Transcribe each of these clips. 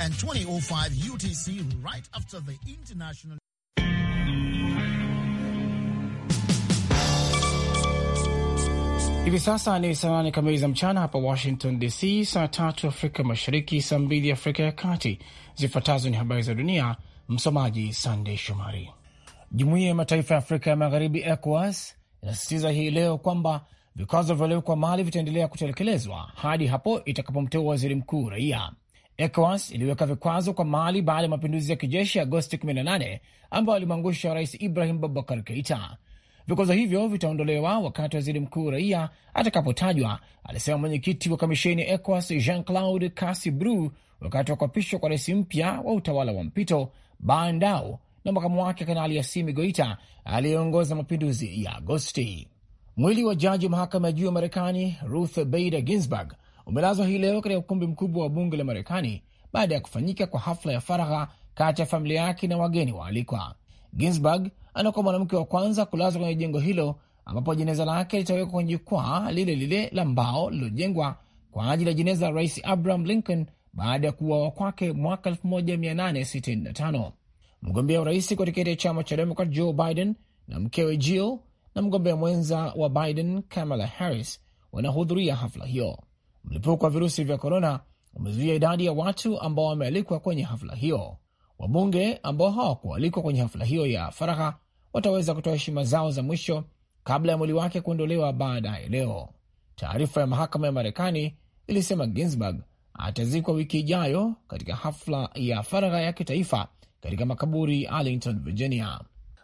and 2005 UTC right after the international Hivi sasa ni saa kamili za mchana hapa Washington DC, saa tatu Afrika Mashariki, saa mbili Afrika ya Kati. Zifuatazo ni habari za dunia, msomaji Sandey Shomari. Jumuiya ya Mataifa ya Afrika ya Magharibi, ECOWAS, inasisitiza hii leo kwamba vikwazo vyaliwekwa mali vitaendelea kutekelezwa hadi hapo itakapomteua waziri mkuu raia. ECOWAS iliweka vikwazo kwa Mali baada ya mapinduzi ya kijeshi Agosti 18 ambayo alimwangusha Rais Ibrahim Babakar Keita. Vikwazo hivyo vitaondolewa wakati waziri mkuu raia atakapotajwa, alisema mwenyekiti wa kamisheni ya ECOWAS Jean Claude casi Bru wakati wa kuapishwa kwa rais mpya wa utawala wa mpito Bandao na makamu wake Kanali Yasimi Goita aliyeongoza mapinduzi ya Agosti. Mwili wa jaji wa mahakama ya juu ya Marekani Ruth Bader Ginsburg umelazwa hii leo katika ukumbi mkubwa wa bunge la Marekani baada ya kufanyika kwa hafla ya faragha kati ya familia yake na wageni waalikwa. Ginsburg anakuwa mwanamke wa kwanza kulazwa kwenye jengo hilo ambapo jeneza lake litawekwa kwenye jukwaa lile lile la mbao lililojengwa kwa ajili ya jeneza la Rais Abraham Lincoln baada ya kuuawa kwake mwaka 1865. Mgombea urais kwa tiketi ya chama cha Demokrat Joe Biden na mkewe Jill na mgombea mwenza wa Biden Kamala Harris wanahudhuria hafla hiyo. Mlipuko wa virusi vya korona umezuia idadi ya watu ambao wamealikwa kwenye hafla hiyo. Wabunge ambao hawakualikwa kwenye hafla hiyo ya faragha wataweza kutoa heshima zao za mwisho kabla ya mwili wake kuondolewa baadaye leo. Taarifa ya mahakama ya Marekani ilisema Ginsburg atazikwa wiki ijayo katika hafla ya faragha ya kitaifa katika makaburi Arlington, Virginia.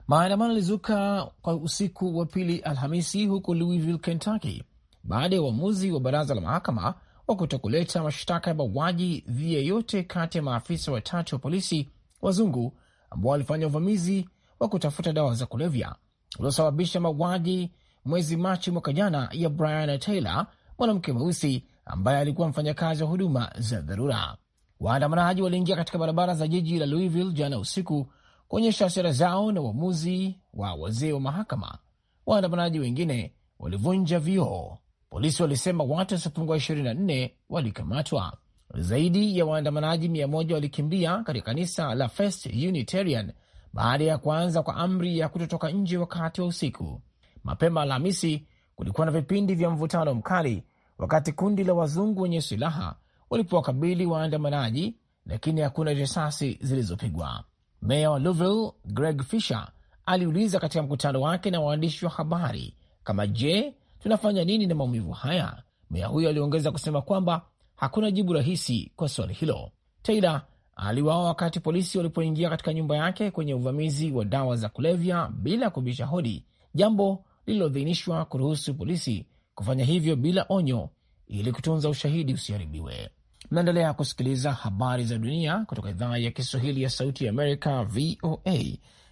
Maandamano yalizuka kwa usiku wa pili Alhamisi huko Louisville, Kentucky baada ya uamuzi wa baraza la mahakama wa kutokuleta mashtaka ya mauaji dhidi ya yote kati ya maafisa watatu wa polisi wazungu ambao walifanya uvamizi wa kutafuta dawa za kulevya uliosababisha mauaji mwezi Machi mwaka jana ya Brian Taylor, mwanamke mweusi ambaye alikuwa mfanyakazi wa huduma za dharura. Waandamanaji waliingia katika barabara za jiji la Louisville jana usiku kuonyesha hasira zao na uamuzi wa wazee wa mahakama. Waandamanaji wengine walivunja vioo Polisi walisema watu wasiopungua 24 walikamatwa. Zaidi ya waandamanaji 1 walikimbia katika kanisa la First Unitarian baada ya kuanza kwa amri ya kutotoka nje wakati wa usiku. Mapema Alhamisi kulikuwa na vipindi vya mvutano mkali wakati kundi la wazungu wenye silaha walipowakabili waandamanaji, lakini hakuna risasi zilizopigwa. Meya wa Louisville Greg Fisher aliuliza katika mkutano wake na waandishi wa habari kama je, tunafanya nini na maumivu haya? Meya huyo aliongeza kusema kwamba hakuna jibu rahisi kwa swali hilo. Taylor aliwawa wakati polisi walipoingia katika nyumba yake kwenye uvamizi wa dawa za kulevya bila kubisha hodi, jambo lililodhinishwa kuruhusu polisi kufanya hivyo bila onyo ili kutunza ushahidi usiharibiwe. Mnaendelea kusikiliza habari za dunia kutoka idhaa ya Kiswahili ya Sauti ya Amerika, VOA,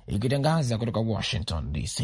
ikitangaza kutoka Washington DC.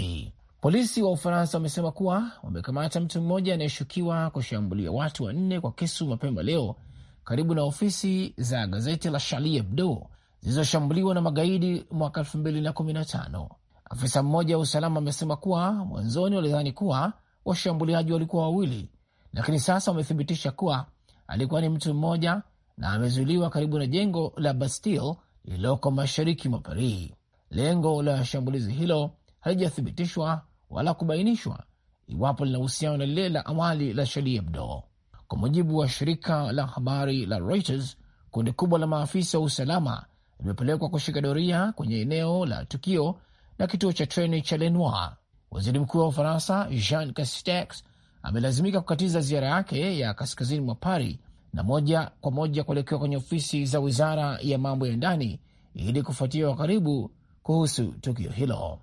Polisi wa Ufaransa wamesema kuwa wamekamata mtu mmoja anayeshukiwa kushambulia watu wanne kwa kisu mapema leo karibu na ofisi za gazeti la Charlie Hebdo zilizoshambuliwa na magaidi mwaka 215 Afisa mmoja wa usalama amesema kuwa mwanzoni walidhani kuwa washambuliaji walikuwa wawili, lakini sasa wamethibitisha kuwa alikuwa ni mtu mmoja na amezuiliwa karibu na jengo la Bastille lililoko mashariki mwa Paris. Lengo la shambulizi hilo halijathibitishwa wala kubainishwa iwapo lina uhusiano na lile la awali la Shali Abdo. Kwa mujibu wa shirika la habari la Reuters, kundi kubwa la maafisa wa usalama limepelekwa kushika doria kwenye eneo la tukio na kituo cha treni cha Lenoir. Waziri mkuu wa Ufaransa Jean Castex amelazimika kukatiza ziara yake ya kaskazini mwa Paris na moja kwa moja kuelekewa kwenye ofisi za wizara ya mambo ya ndani ili kufuatia kwa karibu kuhusu tukio hilo.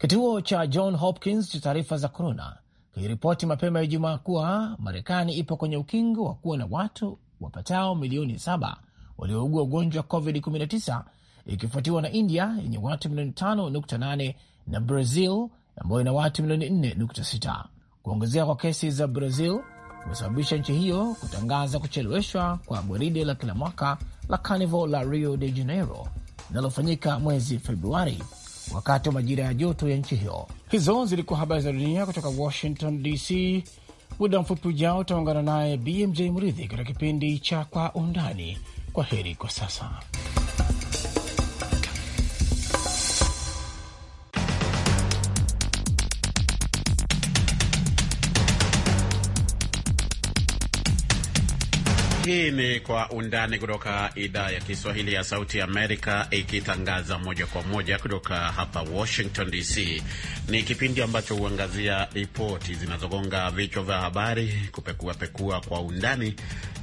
Kituo cha John Hopkins cha taarifa za korona kiliripoti mapema ya Ijumaa kuwa Marekani ipo kwenye ukingo wa kuwa na watu wapatao milioni saba waliougua ugonjwa wa COVID-19 ikifuatiwa na India yenye watu milioni 5.8 na Brazil ambayo ina watu milioni 4.6. Kuongezeka kwa kesi za Brazil kumesababisha nchi hiyo kutangaza kucheleweshwa kwa gwaride la kila mwaka la Carnival la Rio de Janeiro linalofanyika mwezi Februari wakati wa majira ya joto ya nchi hiyo. Hizo zilikuwa habari za dunia kutoka Washington DC. Muda mfupi ujao utaungana naye BMJ Mridhi katika kipindi cha Kwa Undani. Kwa heri kwa sasa. Hii ni Kwa Undani kutoka idhaa ya Kiswahili ya Sauti Amerika, ikitangaza moja kwa moja kutoka hapa Washington DC. Ni kipindi ambacho huangazia ripoti zinazogonga vichwa vya habari, kupekuapekua kwa undani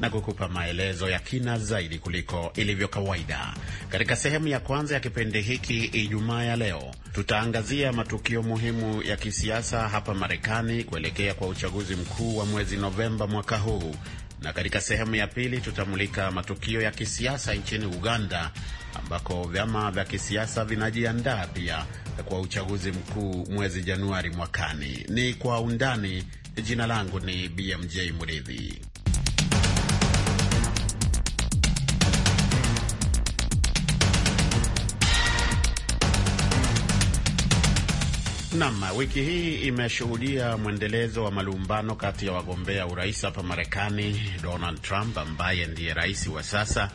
na kukupa maelezo ya kina zaidi kuliko ilivyo kawaida. Katika sehemu ya kwanza ya kipindi hiki Ijumaa ya leo, tutaangazia matukio muhimu ya kisiasa hapa Marekani kuelekea kwa uchaguzi mkuu wa mwezi Novemba mwaka huu na katika sehemu ya pili tutamulika matukio ya kisiasa nchini Uganda ambako vyama vya kisiasa vinajiandaa pia kwa uchaguzi mkuu mwezi Januari mwakani. Ni kwa undani. Jina langu ni BMJ Muridhi. Nam, wiki hii imeshuhudia mwendelezo wa malumbano kati ya wagombea urais hapa Marekani, Donald Trump ambaye ndiye rais wa sasa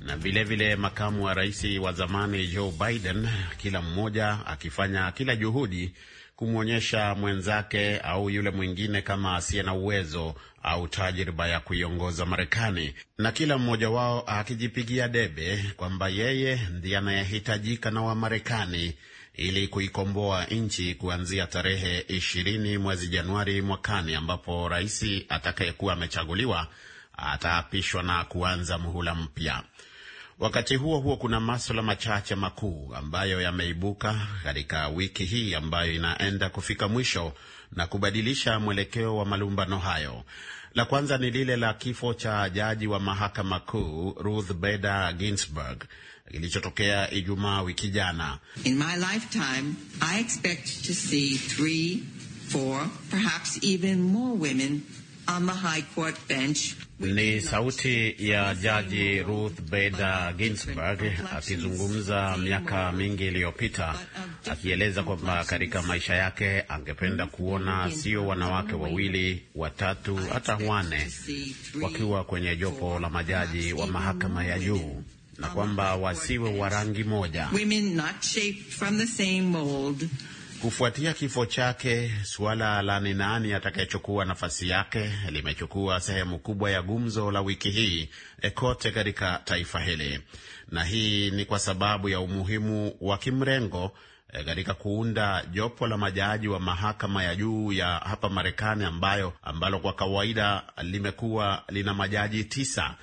na vilevile vile makamu wa rais wa zamani Joe Biden, kila mmoja akifanya kila juhudi kumwonyesha mwenzake au yule mwingine kama asiye na uwezo au tajriba ya kuiongoza Marekani, na kila mmoja wao akijipigia debe kwamba yeye ndiye anayehitajika na Wamarekani ili kuikomboa nchi kuanzia tarehe 20 mwezi Januari mwakani ambapo rais atakayekuwa amechaguliwa ataapishwa na kuanza muhula mpya. Wakati huo huo, kuna maswala machache makuu ambayo yameibuka katika wiki hii ambayo inaenda kufika mwisho na kubadilisha mwelekeo wa malumbano hayo. La kwanza ni lile la kifo cha jaji wa mahakama kuu Ruth Bader Ginsburg kilichotokea Ijumaa wiki jana. In my lifetime, I expect to see three, four, perhaps even more women on the high court bench. Ni sauti ya jaji Ruth Bader Ginsburg akizungumza miaka mingi iliyopita, akieleza kwamba katika maisha yake angependa kuona sio wanawake wawili, watatu, hata wane wakiwa kwenye jopo la majaji wa mahakama ya juu na kwamba wasiwe wa rangi moja. Kufuatia kifo chake, suala la ni nani atakayechukua nafasi yake limechukua sehemu kubwa ya gumzo la wiki hii eh, kote katika taifa hili, na hii ni kwa sababu ya umuhimu wa kimrengo eh, katika kuunda jopo la majaji wa mahakama ya juu ya hapa Marekani ambayo ambalo kwa kawaida limekuwa lina majaji tisa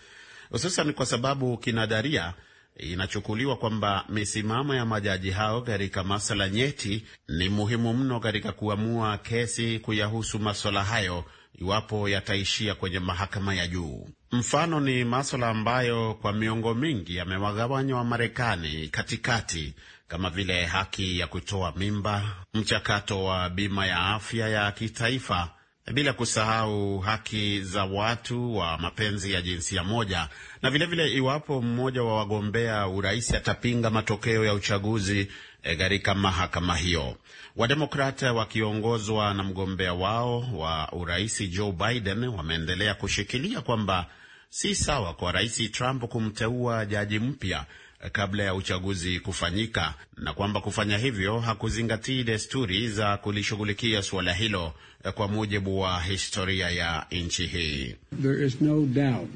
hususan kwa sababu kinadharia inachukuliwa kwamba misimamo ya majaji hao katika masala nyeti ni muhimu mno katika kuamua kesi kuyahusu maswala hayo iwapo yataishia kwenye mahakama ya juu. Mfano ni maswala ambayo kwa miongo mingi wa marekani katikati kama vile haki ya kutoa mimba, mchakato wa bima ya afya ya kitaifa bila kusahau haki za watu wa mapenzi ya jinsia moja, na vilevile vile iwapo mmoja wa wagombea urais atapinga matokeo ya uchaguzi eh, katika e, mahakama hiyo. Wademokrata wakiongozwa na mgombea wao wa urais Joe Biden wameendelea kushikilia kwamba si sawa kwa rais Trump kumteua jaji mpya kabla ya uchaguzi kufanyika na kwamba kufanya hivyo hakuzingatii desturi za kulishughulikia suala hilo kwa mujibu wa historia ya nchi hii. There is no doubt.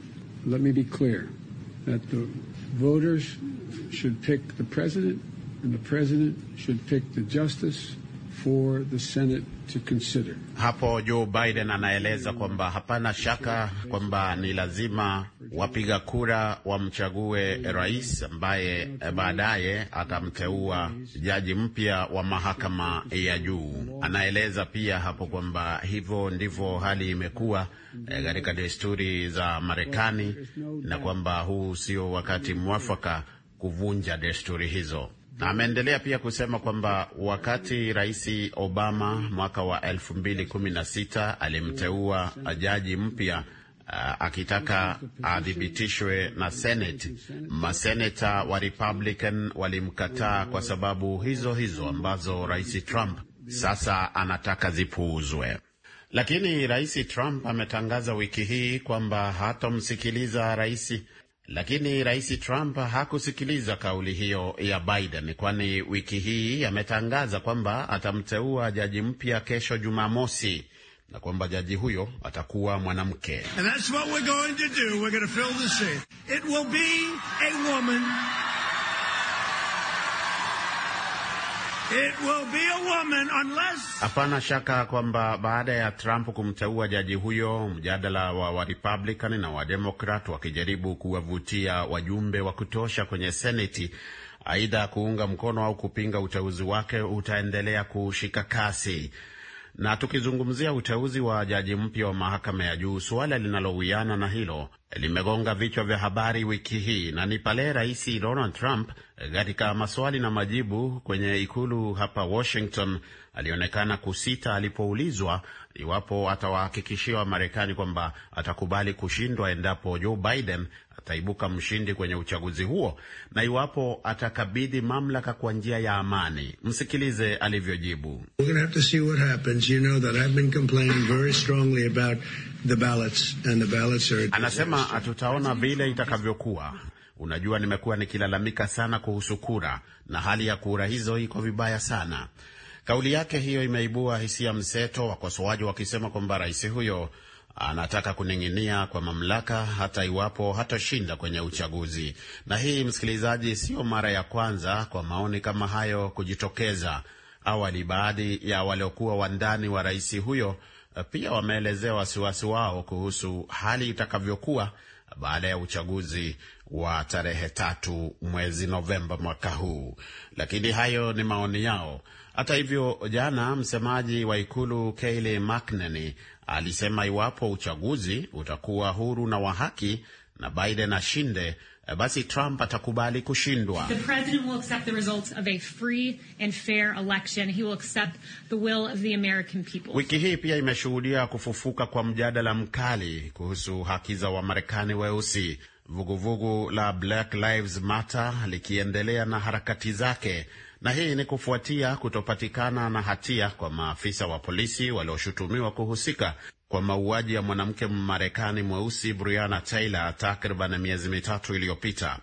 Let me be clear that the voters should pick the president and the president should pick the justice for the Senate to consider. Hapo Joe Biden anaeleza kwamba hapana shaka kwamba ni lazima wapiga kura wamchague rais ambaye eh, baadaye atamteua jaji mpya wa mahakama ya juu. Anaeleza pia hapo kwamba hivyo ndivyo hali imekuwa eh, katika desturi za Marekani na kwamba huu sio wakati mwafaka kuvunja desturi hizo. Na ameendelea pia kusema kwamba wakati Rais Obama mwaka wa 2016 alimteua jaji mpya Uh, akitaka adhibitishwe na Senate, maseneta wa Republican walimkataa kwa sababu hizo hizo ambazo Rais Trump sasa anataka zipuuzwe. Lakini Rais Trump ametangaza wiki hii kwamba hatomsikiliza Rais lakini rais Trump hakusikiliza kauli hiyo ya Biden, kwani wiki hii ametangaza kwamba atamteua jaji mpya kesho Jumamosi na kwamba jaji huyo atakuwa mwanamke. And that's what we're going to do. We're going to fill the seat. It will be a woman Hapana shaka kwamba baada ya Trump kumteua jaji huyo, mjadala wa Warepublican na Wademokrat wakijaribu kuwavutia wajumbe wa kutosha kwenye Seneti aidha kuunga mkono au kupinga uteuzi wake utaendelea kushika kasi. Na tukizungumzia uteuzi wa jaji mpya wa mahakama ya juu, suala linalowiana na hilo limegonga vichwa vya habari wiki hii na ni pale Rais Donald Trump katika maswali na majibu kwenye ikulu hapa Washington alionekana kusita alipoulizwa iwapo atawahakikishia Wamarekani kwamba atakubali kushindwa endapo Joe Biden ataibuka mshindi kwenye uchaguzi huo na iwapo atakabidhi mamlaka kwa njia ya amani. Msikilize alivyojibu. Anasema hatutaona vile itakavyokuwa. Unajua, nimekuwa nikilalamika sana kuhusu kura na hali ya kura hizo iko vibaya sana. Kauli yake hiyo imeibua hisia mseto, wakosoaji wakisema kwamba rais huyo anataka kuning'inia kwa mamlaka hata iwapo hatashinda kwenye uchaguzi. Na hii, msikilizaji, sio mara ya kwanza kwa maoni kama hayo kujitokeza. Awali, baadhi ya waliokuwa wandani wa rais huyo eh, pia wameelezea wasiwasi wao kuhusu hali itakavyokuwa baada ya uchaguzi wa tarehe tatu mwezi Novemba mwaka huu, lakini hayo ni maoni yao. Hata hivyo, jana msemaji wa ikulu Kayleigh McEnany alisema iwapo uchaguzi utakuwa huru na wa haki na Biden ashinde, basi Trump atakubali kushindwa. Wiki hii pia imeshuhudia kufufuka kwa mjadala mkali kuhusu haki za Wamarekani weusi, vuguvugu la Black Lives Matter likiendelea na harakati zake na hii ni kufuatia kutopatikana na hatia kwa maafisa wa polisi walioshutumiwa kuhusika kwa mauaji ya mwanamke Mmarekani mweusi Breonna Taylor takriban miezi mitatu iliyopita.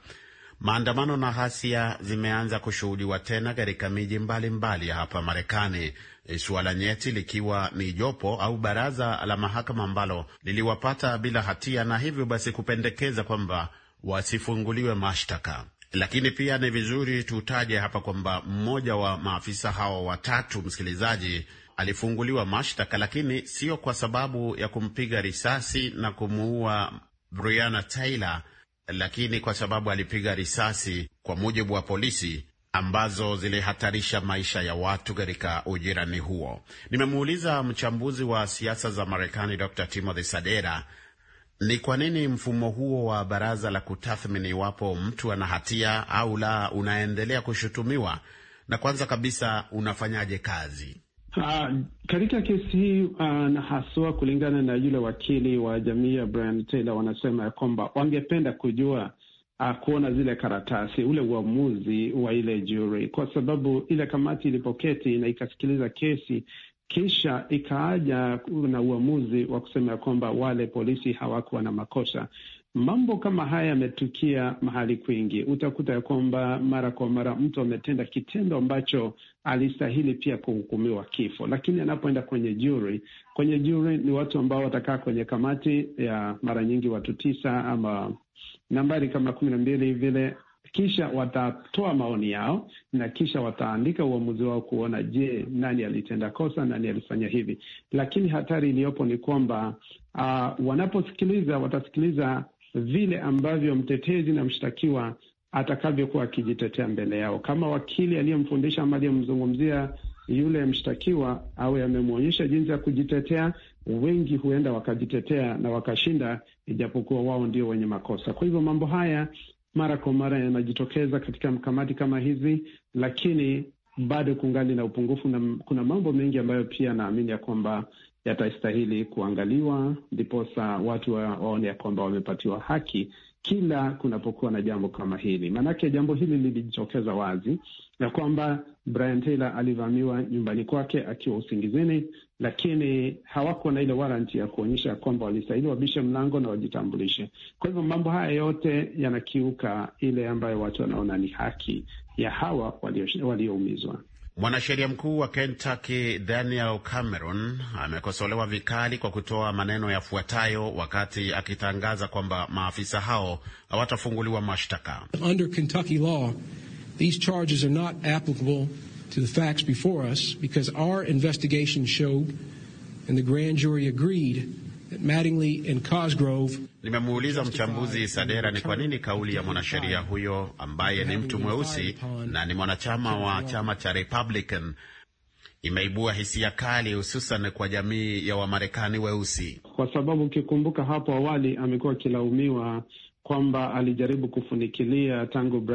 Maandamano na ghasia zimeanza kushuhudiwa tena katika miji mbalimbali ya hapa Marekani, e, suala nyeti likiwa ni jopo au baraza la mahakama ambalo liliwapata bila hatia na hivyo basi kupendekeza kwamba wasifunguliwe mashtaka. Lakini pia ni vizuri tutaje hapa kwamba mmoja wa maafisa hao watatu, msikilizaji, alifunguliwa mashtaka, lakini sio kwa sababu ya kumpiga risasi na kumuua Brianna Taylor, lakini kwa sababu alipiga risasi, kwa mujibu wa polisi, ambazo zilihatarisha maisha ya watu katika ujirani huo. Nimemuuliza mchambuzi wa siasa za Marekani Dr Timothy Sadera ni kwa nini mfumo huo wa baraza la kutathmini iwapo mtu ana hatia au la unaendelea kushutumiwa, na kwanza kabisa unafanyaje kazi? Uh, katika kesi hii uh, na haswa kulingana na yule wakili wa jamii ya Brian Taylor, wanasema ya kwamba wangependa kujua uh, kuona zile karatasi, ule uamuzi wa ile jury, kwa sababu ile kamati ilipoketi na ikasikiliza kesi kisha ikaaja na uamuzi wa kusema ya kwamba wale polisi hawakuwa na makosa. Mambo kama haya yametukia mahali kwingi. Utakuta ya kwamba mara kwa mara mtu ametenda kitendo ambacho alistahili pia kuhukumiwa kifo, lakini anapoenda kwenye jury, kwenye jury ni watu ambao watakaa kwenye kamati ya mara nyingi watu tisa ama nambari kama kumi na mbili vile, kisha watatoa maoni yao na kisha wataandika uamuzi wao kuona, je, nani alitenda kosa, nani alifanya hivi. Lakini hatari iliyopo ni kwamba uh, wanaposikiliza watasikiliza vile ambavyo mtetezi na mshtakiwa atakavyokuwa akijitetea mbele yao. Kama wakili aliyemfundisha ama aliyemzungumzia yule mshtakiwa awe amemwonyesha jinsi ya kujitetea, wengi huenda wakajitetea na wakashinda, ijapokuwa wao ndio wenye makosa. Kwa hivyo mambo haya mara kwa mara yanajitokeza katika kamati kama hizi, lakini bado kungali na upungufu na kuna mambo mengi ambayo pia naamini ya kwamba yatastahili kuangaliwa, ndiposa watu waone ya kwamba wamepatiwa haki kila kunapokuwa na jambo kama hili. Maanake jambo hili lilijitokeza wazi ya kwamba Brian Taylor alivamiwa nyumbani kwake akiwa usingizini lakini hawako na ile waranti ya kuonyesha kwamba walistahili wabishe mlango na wajitambulishe. Kwa hivyo mambo haya yote yanakiuka ile ambayo watu wanaona ni haki ya hawa walioumizwa. Walio mwanasheria mkuu wa Kentucky Daniel Cameron amekosolewa vikali kwa kutoa maneno yafuatayo wakati akitangaza kwamba maafisa hao hawatafunguliwa mashtaka. Under Kentucky law, these charges are not applicable to the facts before us because our investigation showed and the grand jury agreed Nimemuuliza mchambuzi Sadera ni kwa nini kauli ya mwanasheria huyo ambaye ni mtu mweusi na ni mwanachama wa chama cha Republican imeibua hisia kali, hususan kwa jamii ya Wamarekani weusi, kwa sababu ukikumbuka hapo awali amekuwa akilaumiwa kwamba alijaribu kufunikilia tangu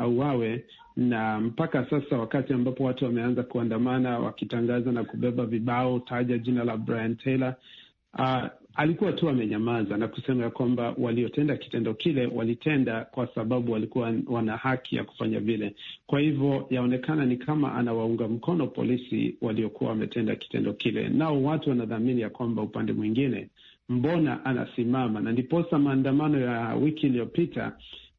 au auawe na mpaka sasa wakati ambapo watu wameanza kuandamana wakitangaza na kubeba vibao, taja jina la Brian Taylor, uh, alikuwa tu amenyamaza na kusema ya kwamba waliotenda kitendo kile walitenda kwa sababu walikuwa wana haki ya kufanya vile. Kwa hivyo yaonekana ni kama anawaunga mkono polisi waliokuwa wametenda kitendo kile, nao watu wanadhamini ya kwamba upande mwingine, mbona anasimama? Na ndiposa maandamano ya wiki iliyopita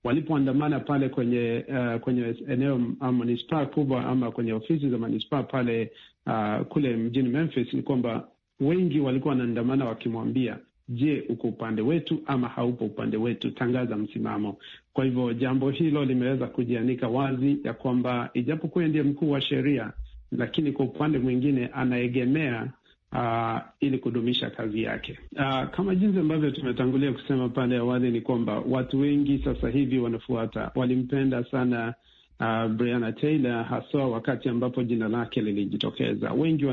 walipoandamana pale kwenye uh, kwenye eneo ah, manispaa kubwa ama kwenye ofisi za manispaa pale uh, kule mjini Memphis, ni kwamba wengi walikuwa wanaandamana wakimwambia, je, uko upande wetu ama haupo upande wetu? Tangaza msimamo. Kwa hivyo jambo hilo limeweza kujianika wazi ya kwamba ijapokuwa ndiye mkuu wa sheria, lakini kwa upande mwingine anaegemea uh, ili kudumisha kazi yake. Uh, kama jinsi ambavyo tumetangulia kusema pale awali ni kwamba watu wengi sasa hivi wanafuata, walimpenda sana uh, Breonna Taylor haswa wakati ambapo jina lake lilijitokeza. Wengi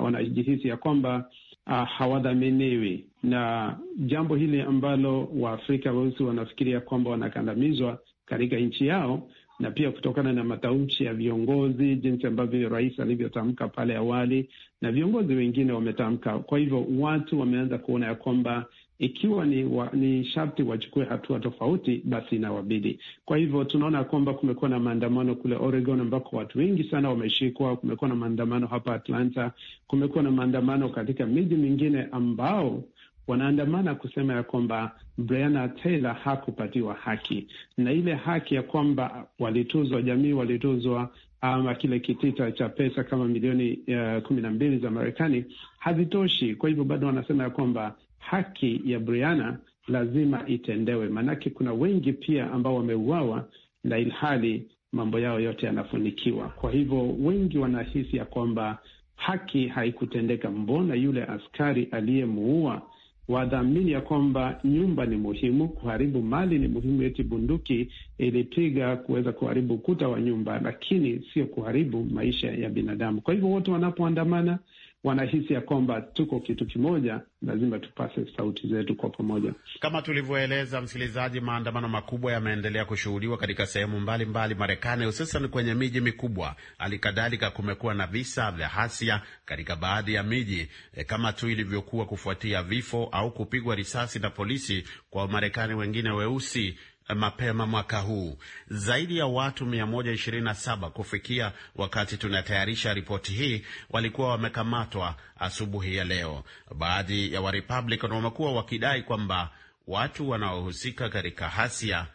wanajihisi ya kwamba Uh, hawadhaminiwi na jambo hili ambalo Waafrika weusi wanafikiria kwamba wanakandamizwa katika nchi yao na pia kutokana na matamshi ya viongozi, jinsi ambavyo rais alivyotamka pale awali na viongozi wengine wametamka. Kwa hivyo watu wameanza kuona ya kwamba ikiwa ni, wa, ni sharti wachukue hatua tofauti, basi inawabidi. Kwa hivyo tunaona kwamba kumekuwa na maandamano kule Oregon ambako watu wengi sana wameshikwa. Kumekuwa na maandamano hapa Atlanta, kumekuwa na maandamano katika miji mingine ambao wanaandamana kusema ya kwamba Breonna Taylor hakupatiwa haki na ile haki ya kwamba walituzwa, jamii walituzwa ama kile kitita cha pesa kama milioni eh, kumi na mbili za Marekani hazitoshi. Kwa hivyo bado wanasema ya kwamba haki ya Briana lazima itendewe, maanake kuna wengi pia ambao wameuawa na ilhali mambo yao yote yanafunikiwa. Kwa hivyo wengi wanahisi ya kwamba haki haikutendeka. Mbona yule askari aliyemuua wadhamini ya kwamba nyumba ni muhimu, kuharibu mali ni muhimu, eti bunduki ilipiga kuweza kuharibu ukuta wa nyumba, lakini sio kuharibu maisha ya binadamu. Kwa hivyo wote wanapoandamana wanahisi ya kwamba tuko kitu kimoja, lazima tupase sauti zetu kwa pamoja. Kama tulivyoeleza msikilizaji, maandamano makubwa yameendelea kushuhudiwa katika sehemu mbalimbali Marekani, hususan kwenye miji mikubwa. Hali kadhalika kumekuwa na visa vya hasia katika baadhi ya miji e, kama tu ilivyokuwa kufuatia vifo au kupigwa risasi na polisi kwa Wamarekani wengine weusi mapema mwaka huu, zaidi ya watu 127 kufikia wakati tunatayarisha ripoti hii walikuwa wamekamatwa asubuhi ya leo. Baadhi ya Warepublican wamekuwa wakidai kwamba watu wanaohusika katika hasia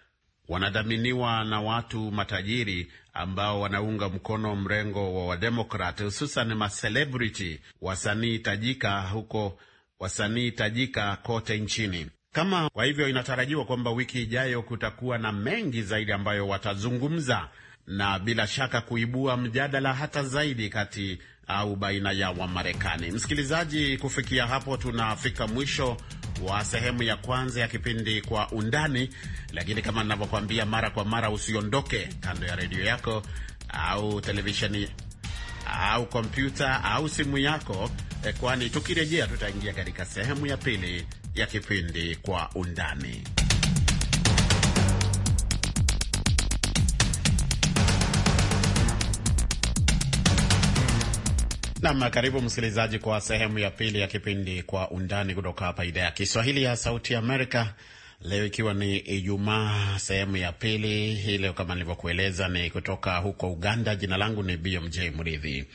wanadhaminiwa na watu matajiri ambao wanaunga mkono mrengo wa Wademokrat, hususan macelebrity, wasanii tajika huko wasanii tajika kote nchini kama. Kwa hivyo inatarajiwa kwamba wiki ijayo kutakuwa na mengi zaidi ambayo watazungumza na bila shaka kuibua mjadala hata zaidi kati au baina ya Wamarekani. Msikilizaji, kufikia hapo tunafika mwisho wa sehemu ya kwanza ya kipindi Kwa Undani, lakini kama ninavyokuambia mara kwa mara, usiondoke kando ya redio yako au televisheni au kompyuta au simu yako, eh, kwani tukirejea tutaingia katika sehemu ya pili ya kipindi Kwa Undani. Nam, karibu msikilizaji kwa sehemu ya pili ya kipindi Kwa Undani kutoka hapa idhaa ya Kiswahili ya Sauti Amerika. Leo ikiwa ni Ijumaa, sehemu ya pili hii leo, kama nilivyokueleza, ni kutoka huko Uganda. Jina langu ni BMJ Mridhi.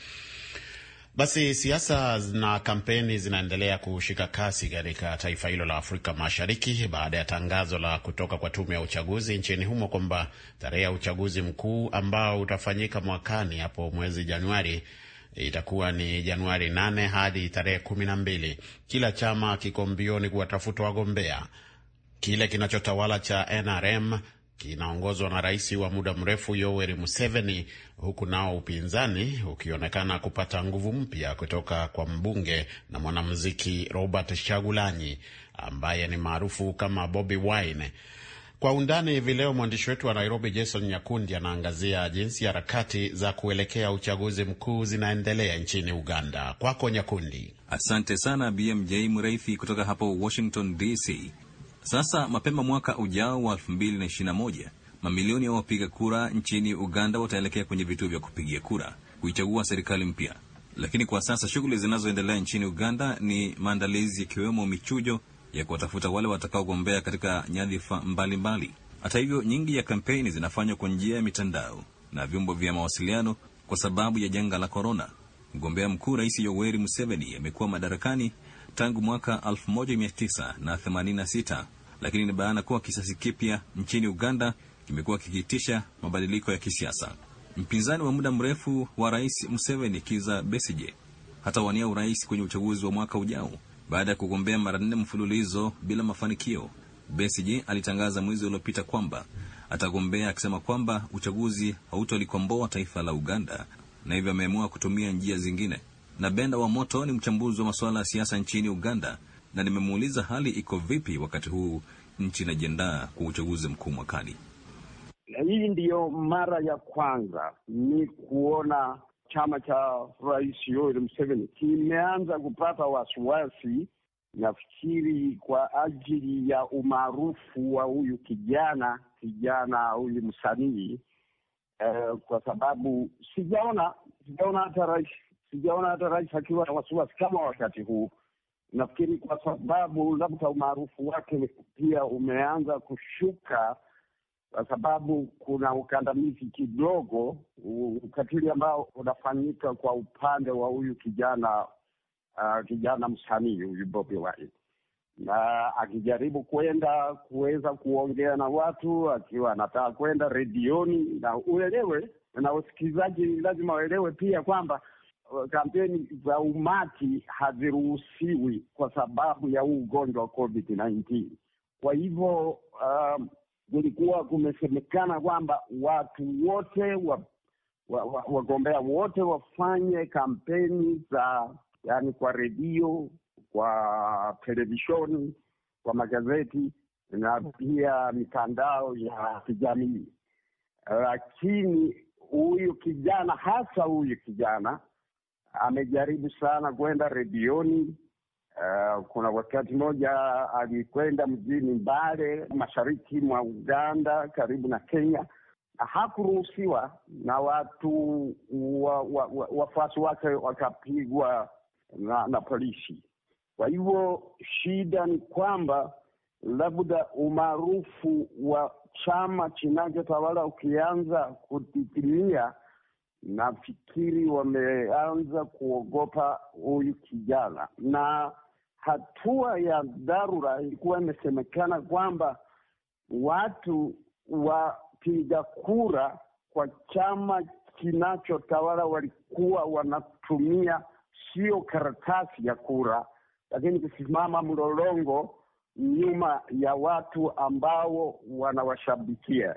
Basi siasa na kampeni zinaendelea kushika kasi katika taifa hilo la Afrika Mashariki baada ya tangazo la kutoka kwa tume ya uchaguzi nchini humo kwamba tarehe ya uchaguzi mkuu ambao utafanyika mwakani hapo mwezi Januari itakuwa ni Januari 8 hadi tarehe kumi na mbili. Kila chama kiko mbioni kuwatafuta wagombea. Kile kinachotawala cha NRM kinaongozwa na rais wa muda mrefu Yoweri Museveni, huku nao upinzani ukionekana kupata nguvu mpya kutoka kwa mbunge na mwanamuziki Robert Shagulanyi ambaye ni maarufu kama Bobi Wine. Kwa undani hivi leo, mwandishi wetu wa Nairobi Jason Nyakundi anaangazia jinsi harakati za kuelekea uchaguzi mkuu zinaendelea nchini Uganda. Kwako Nyakundi. Asante sana BMJ Mreithi kutoka hapo Washington DC. Sasa mapema mwaka ujao wa 2021 mamilioni ya wapiga kura nchini Uganda wataelekea kwenye vituo vya kupigia kura kuichagua serikali mpya. Lakini kwa sasa shughuli zinazoendelea nchini Uganda ni maandalizi, ikiwemo michujo ya kuwatafuta wale watakaogombea katika nyadhifa mbalimbali. Hata hivyo, nyingi ya kampeni zinafanywa kwa njia ya mitandao na vyombo vya mawasiliano kwa sababu ya janga la korona. Mgombea mkuu Rais Yoweri Museveni amekuwa madarakani tangu mwaka 1986 lakini ni bayana kuwa kisasi kipya nchini Uganda kimekuwa kikiitisha mabadiliko ya kisiasa. Mpinzani wa muda mrefu wa rais Museveni, Kiza Besije, hata wania urais kwenye uchaguzi wa mwaka ujao baada ya kugombea mara nne mfululizo bila mafanikio. Besije alitangaza mwezi uliopita kwamba atagombea akisema kwamba uchaguzi hautolikomboa taifa la Uganda na hivyo ameamua kutumia njia zingine. Na Benda wa Moto ni mchambuzi wa masuala ya siasa nchini Uganda na nimemuuliza hali iko vipi wakati huu nchi inajiandaa kwa uchaguzi mkuu mwakani. Hii ndiyo mara ya kwanza ni kuona chama cha Rais Yoweri Museveni kimeanza kupata wasiwasi, nafikiri kwa ajili ya umaarufu wa huyu kijana kijana huyu msanii eh, kwa sababu sijaona sijaona hata rais sijaona hata rais akiwa na wasiwasi kama wakati huu Nafikiri kwa sababu labda umaarufu wake pia umeanza kushuka kwa sababu kuna ukandamizi kidogo, ukatili ambao unafanyika kwa upande wa huyu kijana uh, kijana msanii huyu Bobi Wine, na akijaribu kwenda kuweza kuongea na watu, akiwa anataka kwenda redioni, na uelewe na wasikilizaji lazima waelewe pia kwamba kampeni za umati haziruhusiwi kwa sababu ya huu ugonjwa wa COVID 19. Kwa hivyo um, kulikuwa um, kumesemekana kwamba watu wote wa, wa, wa, wagombea wote wafanye kampeni za yani kwa redio, kwa televishoni, kwa magazeti na pia mitandao ya kijamii, lakini huyu kijana hasa huyu kijana amejaribu sana kwenda redioni. Uh, kuna wakati mmoja alikwenda mjini Mbale, mashariki mwa Uganda, karibu na Kenya. Hakuruhusiwa na watu wafuasi wa, wa, wake wakapigwa na, na polisi. Kwa hivyo shida ni kwamba labda umaarufu wa chama chinachotawala ukianza kutitimia nafikiri wameanza kuogopa huyu kijana, na hatua ya dharura ilikuwa imesemekana kwamba watu wapiga kura kwa chama kinachotawala walikuwa wanatumia sio karatasi ya kura, lakini kusimama mlolongo nyuma ya watu ambao wanawashabikia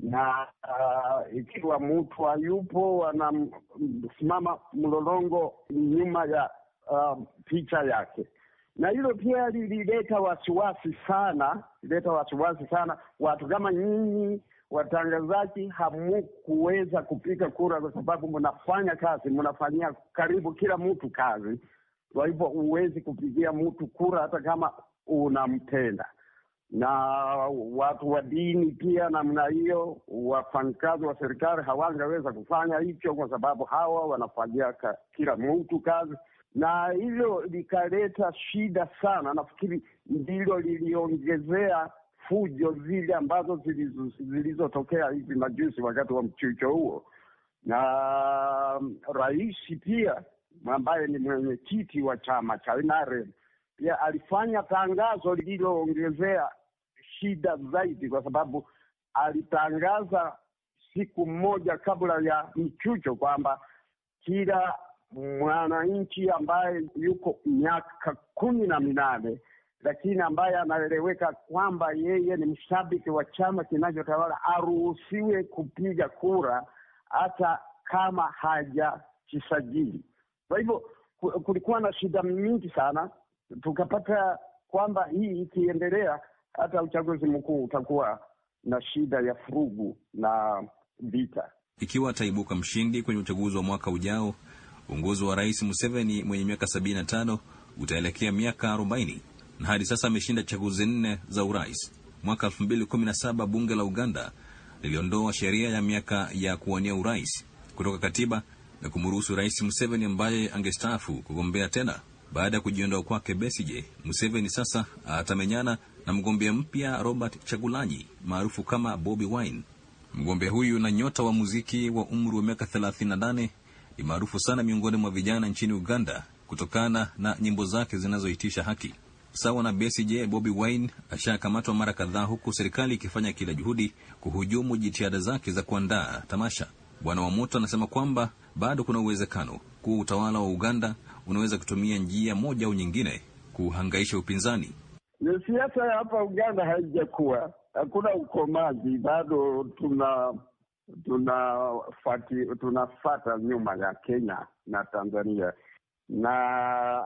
na uh, ikiwa mtu ayupo wanasimama mlolongo nyuma ya uh, picha yake, na hilo pia lilileta wasiwasi sana, lileta wasiwasi sana. Watu kama nyinyi watangazaji hamukuweza kupiga kura, kwa sababu mnafanya kazi, mnafanyia karibu kila mtu kazi. Kwa hivyo huwezi kupigia mtu kura hata kama unampenda na watu wa dini pia namna hiyo. Wafanyikazi wa serikali hawangeweza kufanya hicho, kwa sababu hawa wanafanyia kila mtu kazi, na hivyo likaleta shida sana. Nafikiri ndilo liliongezea fujo zile ambazo zilizotokea hivi majuzi wakati wa mchucho huo, na rais pia ambaye ni mwenyekiti wa chama cha NRM pia alifanya tangazo lililoongezea shida zaidi, kwa sababu alitangaza siku moja kabla ya mchujo kwamba kila mwananchi ambaye yuko miaka kumi na minane lakini ambaye anaeleweka kwamba yeye ni mshabiki wa chama kinachotawala aruhusiwe kupiga kura hata kama hajajisajili. Kwa hivyo kulikuwa na shida nyingi sana tukapata kwamba hii ikiendelea, hata uchaguzi mkuu utakuwa na shida ya furugu na vita. Ikiwa ataibuka mshindi kwenye uchaguzi wa mwaka ujao, uongozi wa Rais Museveni mwenye miaka sabini na tano utaelekea miaka arobaini na hadi sasa ameshinda chaguzi nne za urais. Mwaka elfu mbili kumi na saba bunge la Uganda liliondoa sheria ya miaka ya kuwania urais kutoka katiba na kumruhusu Rais Museveni ambaye angestaafu kugombea tena. Baada ya kujiondoa kwake Besije, Museveni sasa atamenyana na mgombea mpya Robert Chagulanyi maarufu kama Bobi Wine. Mgombea huyu na nyota wa muziki wa umri wa miaka 38 ni maarufu sana miongoni mwa vijana nchini Uganda kutokana na nyimbo zake zinazoitisha haki. Sawa na besije Bobi Wine ashakamatwa mara kadhaa, huku serikali ikifanya kila juhudi kuhujumu jitihada zake za kuandaa tamasha. Bwana wa moto anasema kwamba bado kuna uwezekano kuwa utawala wa Uganda unaweza kutumia njia moja au nyingine kuhangaisha upinzani. Siasa ya hapa Uganda haijakuwa, hakuna ukomaji bado, tuna tunafati tunafata nyuma ya Kenya na Tanzania, na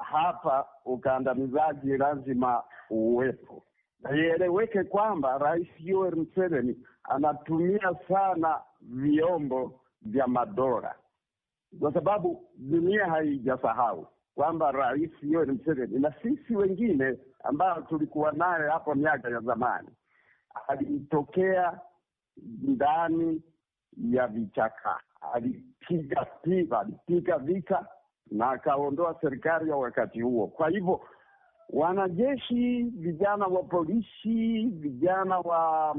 hapa ukandamizaji lazima uwepo, naieleweke kwamba Rais Yoweri Museveni anatumia sana vyombo vya madola, kwa sababu dunia haijasahau kwamba Rais Yoweri Museveni na sisi wengine ambao tulikuwa naye hapo miaka ya zamani alitokea ndani ya vichaka, alipiga piva, alipiga vita na akaondoa serikali ya wakati huo. Kwa hivyo wanajeshi, vijana wa polisi, vijana wa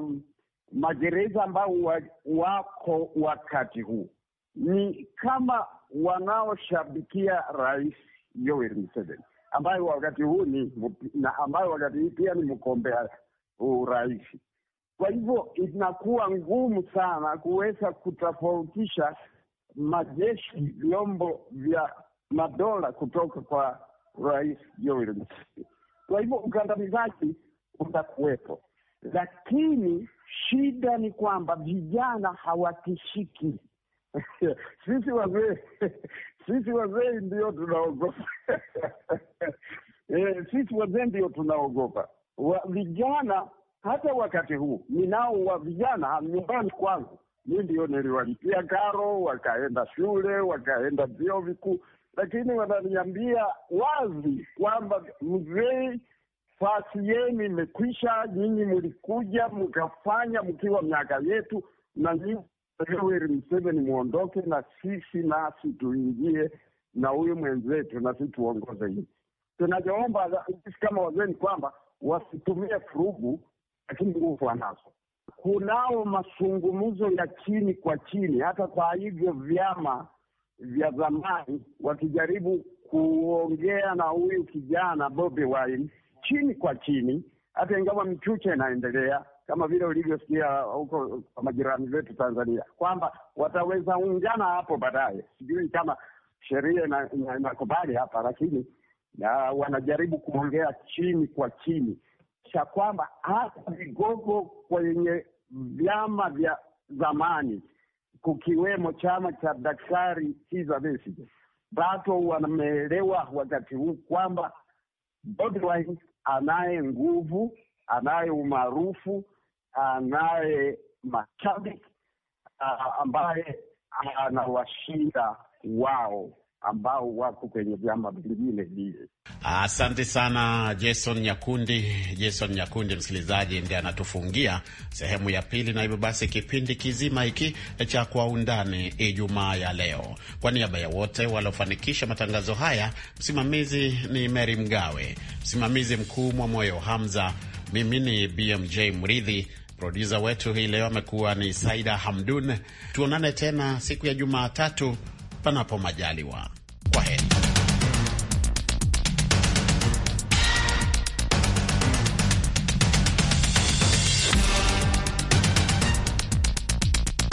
magereza ambao wa, wako wakati huu ni kama wanaoshabikia Rais Yoweri Museveni ambaye wakati huu ni na ambayo wakati huu pia ni mgombea urais. Kwa hivyo inakuwa ngumu sana kuweza kutofautisha majeshi, vyombo vya madola kutoka kwa Rais Yoweri Museveni. Kwa hivyo ukandamizaji utakuwepo, lakini Shida ni kwamba vijana hawatishiki. sisi wazee sisi wazee ndio tunaogopa e, sisi wazee ndio tunaogopa wa, vijana hata wakati huu ninao wa vijana nyumbani kwangu, mi ndio niliwalipia karo, wakaenda shule, wakaenda vyuo vikuu, lakini wananiambia wazi kwamba mzee fasi yenu imekwisha. Nyinyi mlikuja mkafanya mkiwa miaka yetu, na nyinyi Yoweri Museveni na sisi nasi tuingie na huyu mwenzetu, na sisi tuongoze hii. Tunachoomba sisi kama wazee ni kwamba wasitumie furugu, lakini nguvu wanazo. Kunao mazungumzo ya chini kwa chini, hata kwa hivyo vyama vya zamani wakijaribu kuongea na huyu kijana Bobi Wine chini kwa chini, hata ingawa mchuche inaendelea kama vile ulivyosikia huko kwa majirani zetu Tanzania, kwamba wataweza ungana hapo baadaye. Sijui kama sheria inakubali hapa, lakini na wanajaribu kuongea chini kwa chini, cha kwamba hata vigogo kwenye vyama vya zamani kukiwemo chama cha Daktari Kizza Besigye bado wameelewa wakati huu kwamba Bobi anaye nguvu, anaye umaarufu, anaye mashabiki ambaye anawashinda wao ambao wako kwenye vyama vingine vile. Asante sana Jason Nyakundi. Jason Nyakundi, msikilizaji, ndiye anatufungia sehemu ya pili, na hivyo basi kipindi kizima hiki cha Kwa Undani Ijumaa ya leo, kwa niaba ya wote waliofanikisha matangazo haya, msimamizi ni Mary Mgawe, msimamizi mkuu mwa Moyo Hamza, mimi ni BMJ Mridhi. Produsa wetu hii leo amekuwa ni Saida Hamdun. Tuonane tena siku ya Jumatatu panapo majaliwa. Kwa heri.